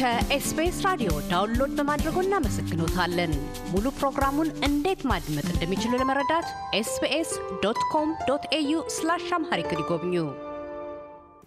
ከኤስቢኤስ ራዲዮ ዳውንሎድ በማድረጎ እናመሰግኖታለን። ሙሉ ፕሮግራሙን እንዴት ማድመጥ እንደሚችሉ ለመረዳት ኤስቢኤስ ዶት ኮም ዶት ኤዩ ስላሽ አምሃሪክ ይጎብኙ።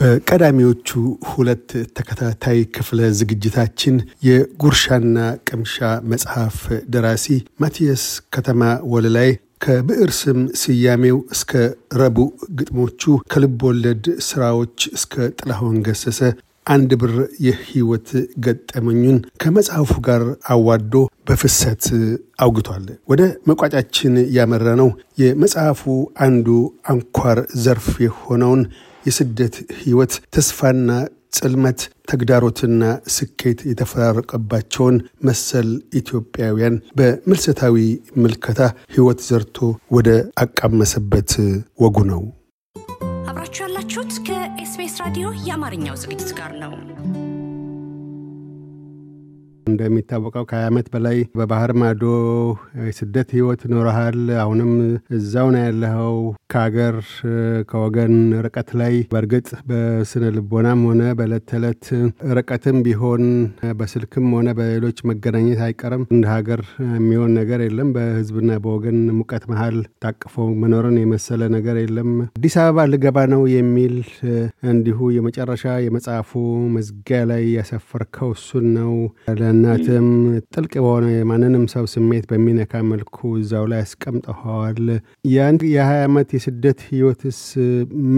በቀዳሚዎቹ ሁለት ተከታታይ ክፍለ ዝግጅታችን የጉርሻና ቅምሻ መጽሐፍ ደራሲ ማቲያስ ከተማ ወለላይ ከብዕር ስም ስያሜው እስከ ረቡዕ ግጥሞቹ ከልብ ወለድ ስራዎች እስከ ጥላሁን ገሰሰ አንድ ብር የህይወት ገጠመኙን ከመጽሐፉ ጋር አዋዶ በፍሰት አውግቷል። ወደ መቋጫችን ያመራ ነው የመጽሐፉ አንዱ አንኳር ዘርፍ የሆነውን የስደት ህይወት ተስፋና ጽልመት፣ ተግዳሮትና ስኬት የተፈራረቀባቸውን መሰል ኢትዮጵያውያን በምልሰታዊ ምልከታ ህይወት ዘርቶ ወደ አቃመሰበት ወጉ ነው አብራችሁ ያላችሁት ከኤስቢኤስ ራዲዮ የአማርኛው ዝግጅት ጋር ነው። እንደሚታወቀው ከሀያ ዓመት በላይ በባህር ማዶ የስደት ህይወት ኖረሃል። አሁንም እዛው ነው ያለኸው ከሀገር ከወገን ርቀት ላይ በእርግጥ በስነ ልቦናም ሆነ በዕለት ተዕለት ርቀትም ቢሆን በስልክም ሆነ በሌሎች መገናኘት አይቀርም። እንደ ሀገር የሚሆን ነገር የለም። በህዝብና በወገን ሙቀት መሀል ታቅፎ መኖርን የመሰለ ነገር የለም። አዲስ አበባ ልገባ ነው የሚል እንዲሁ የመጨረሻ የመጽሐፉ መዝጊያ ላይ ያሰፈርከው እሱን ነው። ለነ ምክንያትም ጥልቅ በሆነ የማንንም ሰው ስሜት በሚነካ መልኩ እዛው ላይ አስቀምጠኸዋል። ያን የሀያ ዓመት የስደት ህይወትስ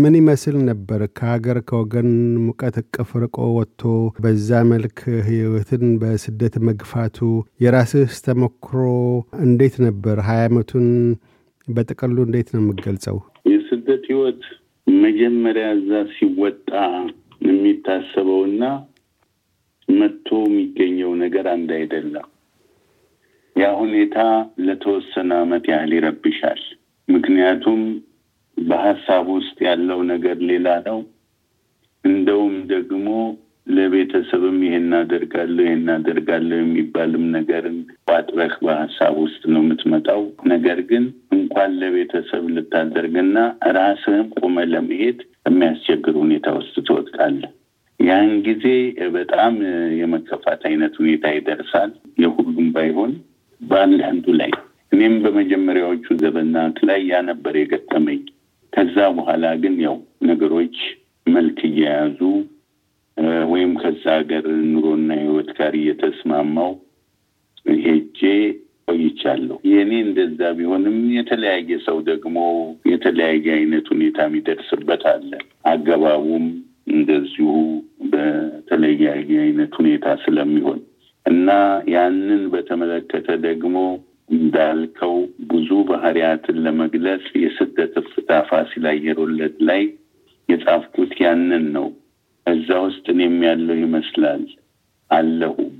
ምን ይመስል ነበር? ከሀገር ከወገን ሙቀት እቅፍ ርቆ ወጥቶ በዛ መልክ ህይወትን በስደት መግፋቱ የራስህ ተሞክሮ እንዴት ነበር? ሀያ ዓመቱን በጥቅሉ እንዴት ነው የምገልጸው? የስደት ህይወት መጀመሪያ እዛ ሲወጣ የሚታሰበውና መጥቶ የሚገኘው ነገር አንድ አይደለም። ያ ሁኔታ ለተወሰነ ዓመት ያህል ይረብሻል። ምክንያቱም በሀሳብ ውስጥ ያለው ነገር ሌላ ነው። እንደውም ደግሞ ለቤተሰብም ይሄ አደርጋለሁ ይሄን አደርጋለሁ የሚባልም ነገርን ቋጥረህ በሀሳብ ውስጥ ነው የምትመጣው። ነገር ግን እንኳን ለቤተሰብ ልታደርግና ራስህም ቁመ ለመሄድ የሚያስቸግር ሁኔታ ውስጥ ትወድቃለህ። ያን ጊዜ በጣም የመከፋት አይነት ሁኔታ ይደርሳል። የሁሉም ባይሆን በአንዳንዱ ላይ እኔም በመጀመሪያዎቹ ዘመናት ላይ ያ ነበር የገጠመኝ። ከዛ በኋላ ግን ያው ነገሮች መልክ እየያዙ ወይም ከዛ ሀገር ኑሮና ሕይወት ጋር እየተስማማው ሄጄ ቆይቻለሁ። የእኔ እንደዛ ቢሆንም የተለያየ ሰው ደግሞ የተለያየ አይነት ሁኔታ የሚደርስበት አለ። አገባቡም እንደዚሁ በተለያየ አይነት ሁኔታ ስለሚሆን እና ያንን በተመለከተ ደግሞ እንዳልከው ብዙ ባህሪያትን ለመግለጽ የስደት እፍታ ፋሲል አየር ላይ የጻፍኩት ያንን ነው። እዛ ውስጥ እኔም ያለው ይመስላል አለሁም።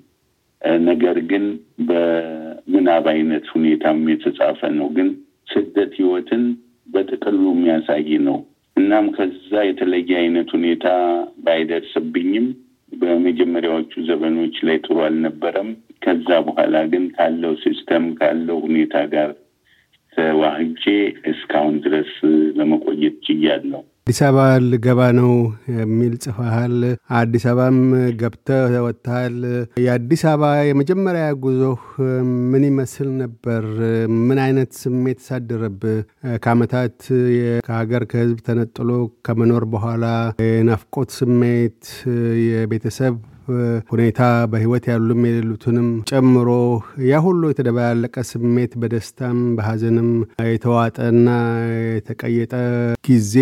ነገር ግን በምናብ አይነት ሁኔታም የተጻፈ ነው። ግን ስደት ህይወትን በጥቅሉ የሚያሳይ ነው። እናም ከዛ የተለየ አይነት ሁኔታ ባይደርስብኝም በመጀመሪያዎቹ ዘመኖች ላይ ጥሩ አልነበረም። ከዛ በኋላ ግን ካለው ሲስተም ካለው ሁኔታ ጋር ተዋህጄ እስካሁን ድረስ ለመቆየት ችያለሁ። አዲስ አበባ ልገባ ነው የሚል ጽፈሃል። አዲስ አበባም ገብተ ወጥተሃል። የአዲስ አበባ የመጀመሪያ ጉዞህ ምን ይመስል ነበር? ምን አይነት ስሜት ሳደረብህ? ከአመታት ከሀገር ከህዝብ ተነጥሎ ከመኖር በኋላ የናፍቆት ስሜት፣ የቤተሰብ ሁኔታ በህይወት ያሉም የሌሉትንም ጨምሮ ያ ሁሉ የተደባለቀ ስሜት በደስታም በሀዘንም የተዋጠና የተቀየጠ ጊዜ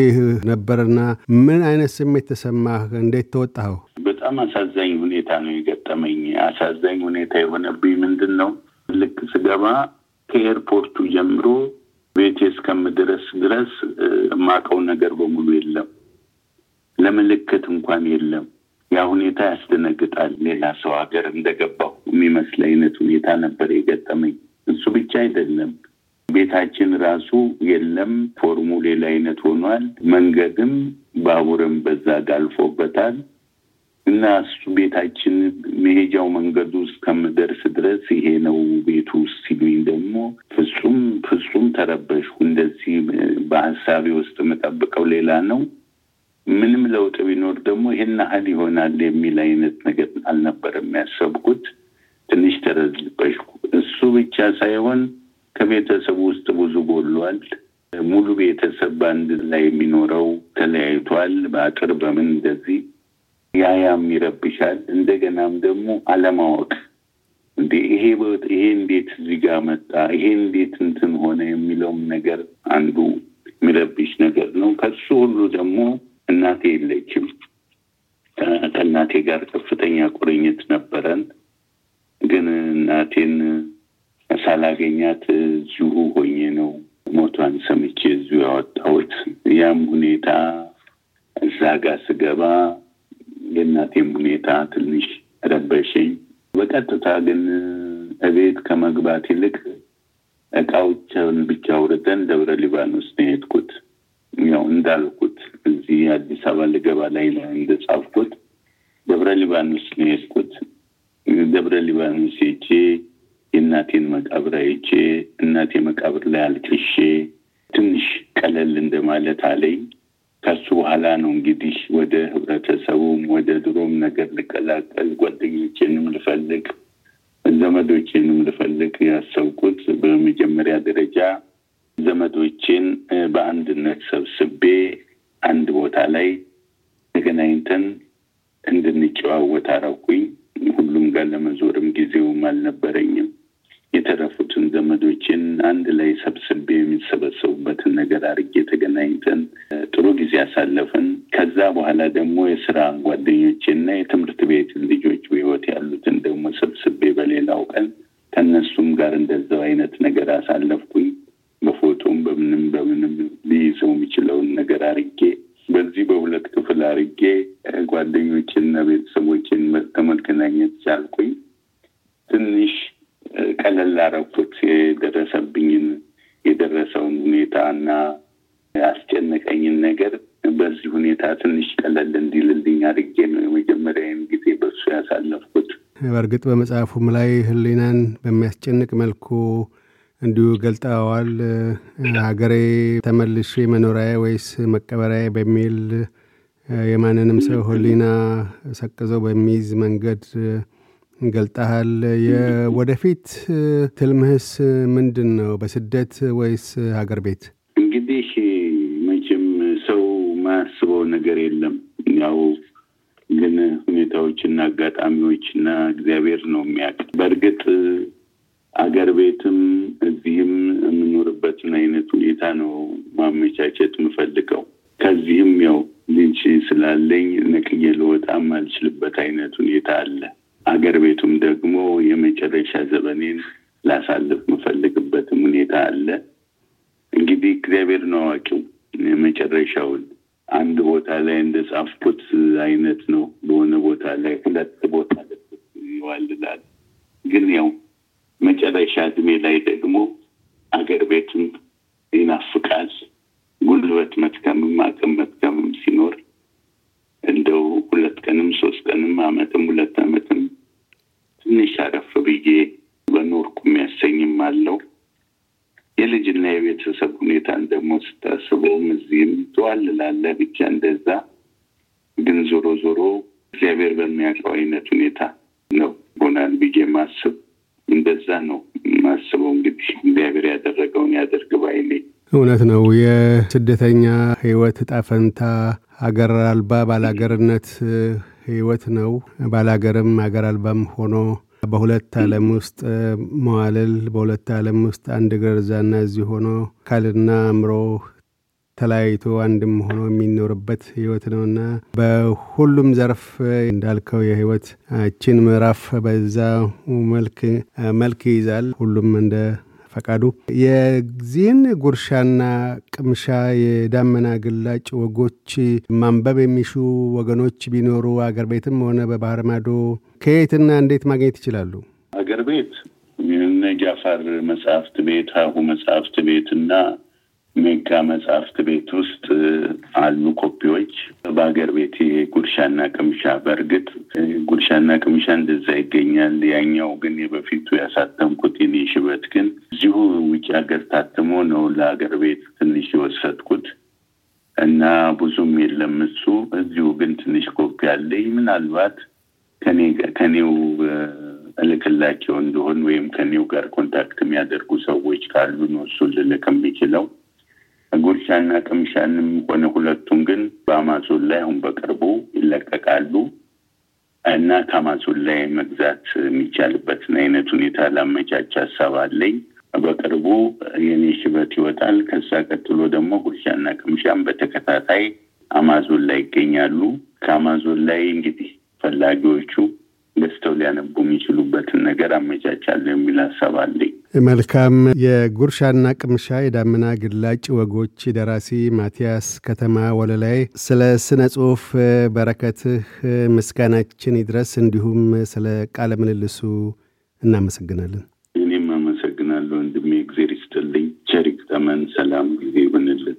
ነበርና ምን አይነት ስሜት ተሰማህ? እንዴት ተወጣኸው? በጣም አሳዛኝ ሁኔታ ነው የገጠመኝ። አሳዛኝ ሁኔታ የሆነብኝ ምንድን ነው ልክ ስገባ ከኤርፖርቱ ጀምሮ ቤቴ እስከምድረስ ድረስ የማቀው ነገር በሙሉ የለም። ለምልክት እንኳን የለም። ያ ሁኔታ ያስደነግጣል። ሌላ ሰው ሀገር እንደገባሁ የሚመስል አይነት ሁኔታ ነበር የገጠመኝ። እሱ ብቻ አይደለም፣ ቤታችን ራሱ የለም፣ ፎርሙ ሌላ አይነት ሆኗል። መንገድም ባቡርም በዛ ጋልፎበታል እና እሱ ቤታችን መሄጃው መንገዱ እስከምደርስ ድረስ ይሄ ነው ቤቱ ሲሉኝ ደግሞ ፍጹም ፍጹም ተረበሽኩ። እንደዚህ በሀሳቤ ውስጥ የምጠብቀው ሌላ ነው ምንም ለውጥ ቢኖር ደግሞ ይህን ያህል ይሆናል የሚል አይነት ነገር አልነበረም ያሰብኩት። ትንሽ ተረበሽኩ። እሱ ብቻ ሳይሆን ከቤተሰቡ ውስጥ ብዙ ጎሏል። ሙሉ ቤተሰብ በአንድ ላይ የሚኖረው ተለያይቷል። በአጥር በምን እንደዚህ ያያም ይረብሻል። እንደገናም ደግሞ አለማወቅ ይሄ ይሄ እንዴት እዚህ ጋር መጣ፣ ይሄ እንዴት እንትን ሆነ የሚለውም ነገር አንዱ የሚረብሽ ነገር ነው። ከሱ ሁሉ ደግሞ እናቴ የለችም። ከእናቴ ጋር ከፍተኛ ቁርኝት ነበረን። ግን እናቴን ሳላገኛት እዚሁ ሆኜ ነው ሞቷን ሰምቼ እዚሁ ያወጣሁት። ያም ሁኔታ እዛ ጋር ስገባ የእናቴም ሁኔታ ትንሽ ረበሸኝ። በቀጥታ ግን እቤት ከመግባት ይልቅ እቃዎችን ብቻ አውርደን ደብረ ሊባኖስ ነው የሄድኩት። ያው እንዳልኩ እዚህ አዲስ አበባ ልገባ ላይ እንደጻፍኩት ደብረ ሊባኖስ ነው የሄድኩት። ደብረ ሊባኖስ ሄጄ የእናቴን መቃብር አይቼ እናቴ መቃብር ላይ አልቅሼ ትንሽ ቀለል እንደማለት አለኝ። ከሱ በኋላ ነው እንግዲህ ወደ ህብረተሰቡም ወደ ድሮም ነገር ልቀላቀል፣ ጓደኞቼንም ልፈልግ፣ ዘመዶቼንም ልፈልግ ያሰብኩት በመጀመሪያ ደረጃ ዘመዶቼን በአንድነት ሰብስቤ አንድ ቦታ ላይ ተገናኝተን እንድንጨዋወት አረኩኝ። ሁሉም ጋር ለመዞርም ጊዜውም አልነበረኝም። የተረፉትን ዘመዶችን አንድ ላይ ሰብስቤ የሚሰበሰቡበትን ነገር አድርጌ ተገናኝተን ጥሩ ጊዜ አሳለፍን። ከዛ በኋላ ደግሞ የስራ ጓደኞቼና የትምህርት ቤት ልጆች በህይወት ያሉትን ደግሞ ሰብስቤ በሌላው ቀን ከነሱም ጋር እንደዛው አይነት ነገር አሳለፍኩኝ። በፎቶም በምንም በምንም ሊይዘው አርጌ በዚህ በሁለት ክፍል አርጌ ጓደኞችንና ቤተሰቦችን ከመገናኘት ቻልኩኝ። ትንሽ ቀለል አረኩት የደረሰብኝን የደረሰውን ሁኔታ እና ያስጨነቀኝን ነገር በዚህ ሁኔታ ትንሽ ቀለል እንዲልልኝ አድርጌ ነው የመጀመሪያን ጊዜ በሱ ያሳለፍኩት። በእርግጥ በመጽሐፉም ላይ ሕሊናን በሚያስጨንቅ መልኩ እንዲሁ ገልጠዋል። ሀገሬ ተመልሼ መኖሪያ ወይስ መቀበሪያ በሚል የማንንም ሰው ሕሊና ሰቅዘው በሚይዝ መንገድ ገልጠሃል። የወደፊት ትልምህስ ምንድን ነው? በስደት ወይስ ሀገር ቤት? እንግዲህ መቼም ሰው ማያስበው ነገር የለም። ያው ግን ሁኔታዎችና አጋጣሚዎችና እግዚአብሔር ነው የሚያውቅ። በእርግጥ አገር ቤትም እዚህም የምኖርበትን አይነት ሁኔታ ነው ማመቻቸት የምፈልገው። ከዚህም ያው ልጅ ስላለኝ ነቅዬ ልወጣም አልችልበት አይነት ሁኔታ አለ። አገር ቤቱም ደግሞ የመጨረሻ ዘመኔን ላሳልፍ የምፈልግበትም ሁኔታ አለ። እንግዲህ እግዚአብሔር ነው አዋቂው የመጨረሻውን አንድ ቦታ ላይ እንደጻፍኩት አይነት ነው። በሆነ ቦታ ላይ ሁለት ቦታ ይዋልላል ግን ያው መጨረሻ እድሜ ላይ ደግሞ አገር ቤትም ይናፍቃል። ጉልበት መትከምም አቅም መትከምም ሲኖር እንደው ሁለት ቀንም ሶስት ቀንም አመትም ሁለት አመትም ትንሽ አረፍ ብዬ በኖርኩ የሚያሰኝም አለው። የልጅና የቤተሰብ ሁኔታን ደግሞ ስታስበውም እዚህም ትዋልላለህ። ብቻ እንደዛ ግን ዞሮ ዞሮ እግዚአብሔር በሚያውቀው አይነት ሁኔታ ነው ሆናል ብዬ ማስብ እንደዛ ነው ማስበው። እንግዲህ እግዚአብሔር ያደረገውን ያደርግ ባይ እውነት ነው። የስደተኛ ህይወት ጣፈንታ ፈንታ አገር አልባ ባላገርነት ህይወት ነው። ባላገርም አገር አልባም ሆኖ በሁለት ዓለም ውስጥ መዋልል በሁለት ዓለም ውስጥ አንድ ገርዛና እዚህ ሆኖ አካልና አእምሮ ተለያይቶ አንድም ሆኖ የሚኖርበት ህይወት ነውና በሁሉም ዘርፍ እንዳልከው የህይወት አችን ምዕራፍ በዛ መልክ መልክ ይይዛል። ሁሉም እንደ ፈቃዱ የዚህን ጉርሻና ቅምሻ የዳመና ግላጭ ወጎች ማንበብ የሚሹ ወገኖች ቢኖሩ አገር ቤትም ሆነ በባህር ማዶ ከየትና እንዴት ማግኘት ይችላሉ? አገር ቤት እነ ጃፋር መጽሐፍት ቤት፣ ሀሁ መጽሐፍት ቤት እና ሜጋ መጽሐፍት ቤት ውስጥ አሉ ኮፒዎች። በሀገር ቤት ጉርሻና ቅምሻ፣ በእርግጥ ጉርሻና ቅምሻ እንደዛ ይገኛል። ያኛው ግን የበፊቱ ያሳተምኩት የኔ ሽበት ግን እዚሁ ውጭ ሀገር ታትሞ ነው ለሀገር ቤት ትንሽ የወሰድኩት እና ብዙም የለም እሱ። እዚሁ ግን ትንሽ ኮፒ አለኝ። ምናልባት ከኔው እልክላቸው እንደሆን ወይም ከኔው ጋር ኮንታክት የሚያደርጉ ሰዎች ካሉ ነው እሱን ልልክ የሚችለው። ጉርሻና ቅምሻንም ሆነ ሁለቱም ግን በአማዞን ላይ አሁን በቅርቡ ይለቀቃሉ እና ከአማዞን ላይ መግዛት የሚቻልበትን አይነት ሁኔታ ላመቻች ሀሳብ አለኝ። በቅርቡ የኔ ሽበት ይወጣል። ከዛ ቀጥሎ ደግሞ ጉርሻና ቅምሻን በተከታታይ አማዞን ላይ ይገኛሉ። ከአማዞን ላይ እንግዲህ ፈላጊዎቹ ገዝተው ሊያነቡ የሚችሉበትን ነገር አመቻቻለሁ የሚል ሀሳብ አለኝ። መልካም። የጉርሻና ቅምሻ የዳመና ግላጭ ወጎች ደራሲ ማቲያስ ከተማ ወለላይ፣ ስለ ስነ ጽሁፍ በረከትህ ምስጋናችን ይድረስ። እንዲሁም ስለ ቃለ ምልልሱ እናመሰግናለን። እኔም አመሰግናለሁ ወንድሜ። እግዜር ይስጥልኝ። ቸሪክ ተመን ሰላም ጊዜ ይሁንልን።